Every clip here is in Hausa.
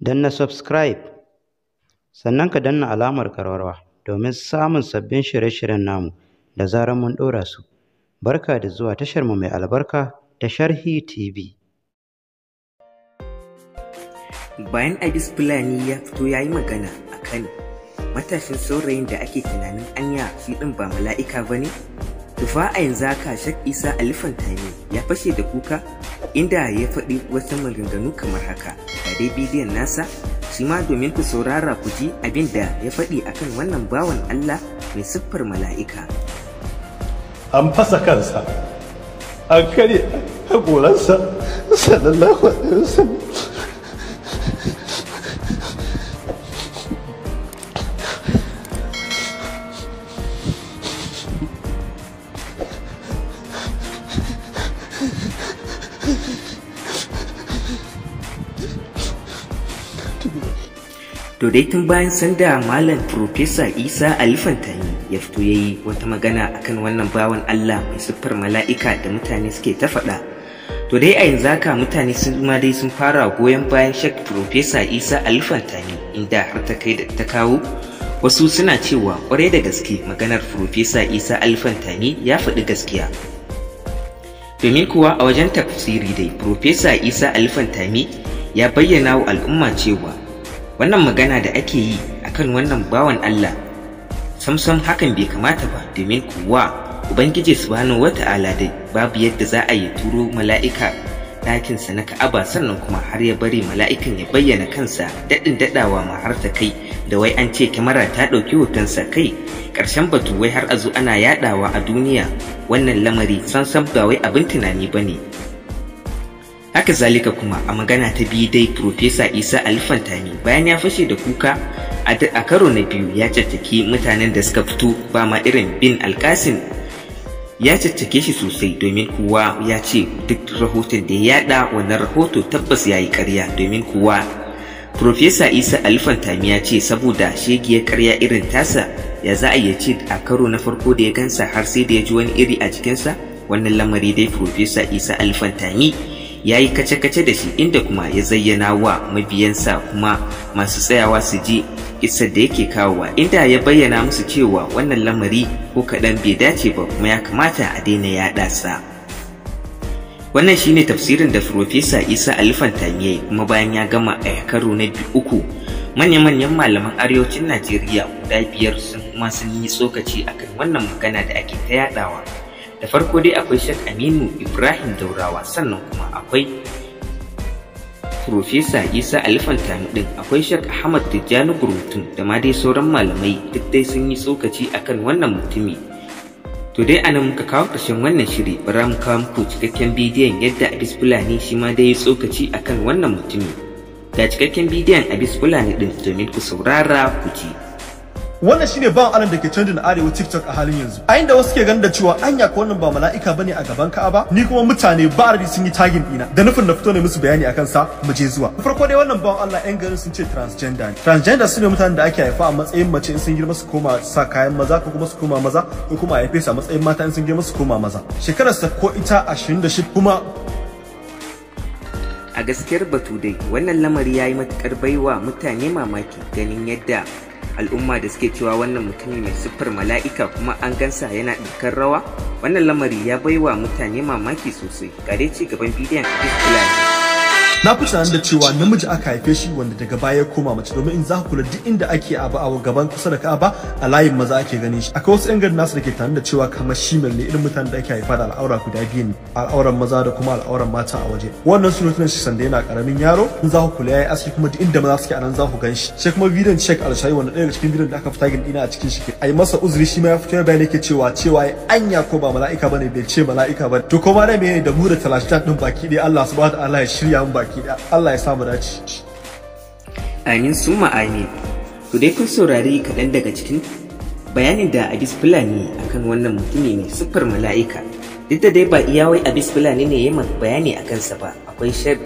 na subscribe sannan ka danna alamar karwarwa domin samun sabbin shirye-shiryen namu da zarar mun ɗora su. Barka da zuwa tashar tasharmu mai albarka ta Sharhi TV. Bayan Abis Fulani ya fito ya yi magana a Kano, matashin saurayin da ake tunanin anya shi ɗin ba mala'ika ba ne? Tufa a yanzu haka Shak Isa Alifantani ya fashe da kuka inda ya faɗi wasu maganganu kamar haka. dai bidiyon nasa shi ma domin ku saurara ku ji abin da ya faɗi akan wannan bawan Allah mai siffar mala'ika. An fasa kansa, an karya haƙoransa, sallallahu alaihi to dai tun bayan sanda malam profesa isa alifantani ya fito ya yi wata magana akan wannan bawan allah mai siffar mala'ika da mutane suke ta faɗa to dai a yanzu haka mutane sun ma dai sun fara goyon bayan shek profesa isa alifantani inda har ta kai da ta kawo wasu suna cewa kwarai da gaske maganar profesa isa alifantani ya faɗi gaskiya domin kuwa a wajen tafsiri dai profesa isa alifantani ya bayyana wa al'umma cewa wannan magana da ake yi akan wannan bawan Allah samsam hakan bai kamata ba domin kuwa ubangiji subhanahu wata'ala dai babu yadda za a yi turo mala'ika ɗakinsa na ka'aba sannan kuma har ya bari mala'ikan ya bayyana kansa daɗin daɗawa ma har ta kai da wai an ce kyamara ta ɗauki hotonsa kai ƙarshen batu wai har a ana yaɗawa a duniya wannan lamari sansan ba wai abin tunani ba ne haka zalika kuma a magana ta biyu dai Profesa Isa Alfantani bayan ya fashe da kuka a karo na biyu ya cattake mutanen da suka fito ba ma irin bin alkasin ya cattake shi sosai domin kuwa ya ce duk rahoton da ya yada wannan rahoto tabbas ya yi karya domin kuwa Profesa Isa Alfantami ya ce saboda shegiyar karya irin tasa ya za a ce a karo na farko da ya gansa har sai da ya ji wani iri a jikinsa wannan lamari dai Profesa Isa Alfantami ya yi kace-kace da shi inda kuma ya zayyana wa mabiyansa kuma masu tsayawa su ji isar da yake kawowa inda ya bayyana musu cewa wannan lamari ko kaɗan bai dace ba kuma ya kamata a daina yaɗa sa wannan shine tafsirin da Profesa isa alifanta ya kuma bayan ya gama a karo na uku manya-manyan malaman arewacin najeriya guda biyar sun kuma sun yi tsokaci akan wannan magana da ake ta yaɗawa da farko dai akwai shek Aminu Ibrahim Daurawa sannan kuma akwai Profesa Isa Alifantani din akwai shek Ahmad Tijjani Gurutun da ma dai sauran malamai duk dai sun yi tsokaci akan wannan mutumi. To dai anan muka kawo ƙarshen wannan shiri bara mu kawo muku cikakken bidiyon yadda Abis Fulani shi ma dai tsokaci akan wannan mutumi. Ga cikakken bidiyon Abis Fulani din domin ku saurara ku ji. wannan shine bawan alan da ke canjin arewa TikTok a halin yanzu a inda wasu ke ganin da cewa anya ko wannan ba mala'ika bane a gaban ba? ni kuma mutane ba arabi sun yi tagin dina da nufin na fito ne musu bayani akan sa mu je zuwa farko dai wannan bawan Allah yan garin sun ce transgender ne transgender sune mutanen da ake haifa a matsayin mace in sun girma su koma sa kayan maza ko kuma su koma maza ko kuma a haife su a matsayin mata in sun girma su koma maza shekararsa ko ita 26 kuma a gaskiyar batu dai wannan lamari ya yi matukar baiwa mutane mamaki ganin yadda al'umma da suke cewa wannan mutumi mai siffar mala'ika kuma an gansa yana ɗinkar rawa wannan lamari ya baiwa mutane mamaki sosai ga dai ci gaban bidiyon a na fi tunanin da cewa namiji aka haife shi wanda daga baya ya koma mace domin in za ku kula duk inda ake abu a gaban kusa da ka'aba a layin maza ake ganin shi akwai wasu yan garin nasu da ke tunanin da cewa kamar shimel ne irin mutanen da ake haifa da al'aura guda biyu ne al'auran maza da kuma al'auran mata a waje wannan sunan shi sanda yana karamin yaro in za ku kula ya yi aski kuma duk inda maza suke a nan za ku gan shi sai kuma bidiyon check alshayi wanda ɗaya daga cikin bidiyon da aka fita gani ina a cikin shi ai masa uzuri shi ma ya fito bayani yake cewa cewa anya ko ba mala'ika bane bai ce mala'ika ba to kuma da me da mu da talashin din baki dai Allah subhanahu wa ta'ala ya shirya mu baki baki da Allah ya samu dace amin su amin to dai kun saurari kaɗan daga cikin bayanin da abis fulani akan wannan mutumi mai siffar mala'ika duk da dai ba iya wai abis fulani ne ya bayani a kansa ba akwai shar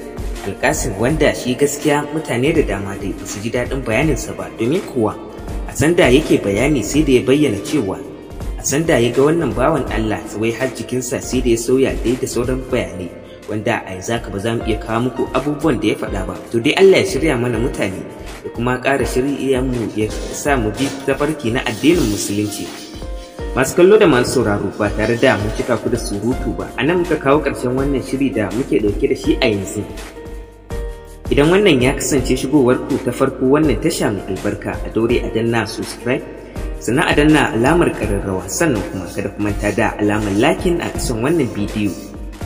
alkasin wanda shi gaskiya mutane da dama dai su ji daɗin bayaninsa ba domin kuwa a sanda yake bayani sai da ya bayyana cewa a sanda ya ga wannan bawan Allah wai har jikinsa sai da ya sauya dai da sauran bayanai wanda a yanzu haka ba za mu iya kawo muku abubuwan da ya faɗa ba to dai Allah ya shirya mana mutane da kuma ƙara shirya mu ya sa mu bi tafarki na addinin musulunci masu kallo da masu sauraro ba tare da mun cika ku da surutu ba anan muka kawo ƙarshen wannan shiri da muke ɗauke da shi a yanzu idan wannan ya kasance shigowar ku ta farko wannan tasha mai albarka a dore a danna subscribe sannan a danna alamar ƙararrawa sannan kuma kada ku manta da alamar lakin a kasan wannan bidiyo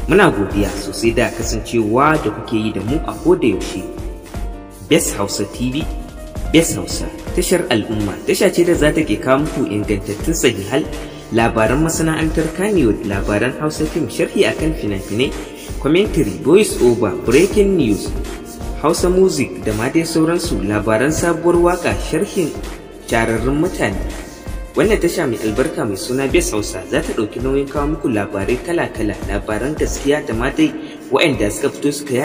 muna godiya sosai da kasancewa da kuke yi da mu a koda yaushe best hausa tv best hausa tashar al'umma tasha ce da za ta ke kawo muku ingantattun sahihal labaran masana'antar kaniyo labaran hausa fim sharhi akan fina-finai commentary voice over breaking news hausa music da ma dai sauransu labaran sabuwar waka sharhin shararrun mutane Wannan tasha mai albarka mai suna Bes Hausa za ta ɗauki nauyin kawo muku labarai kala-kala labaran gaskiya da ma dai waɗanda suka fito suka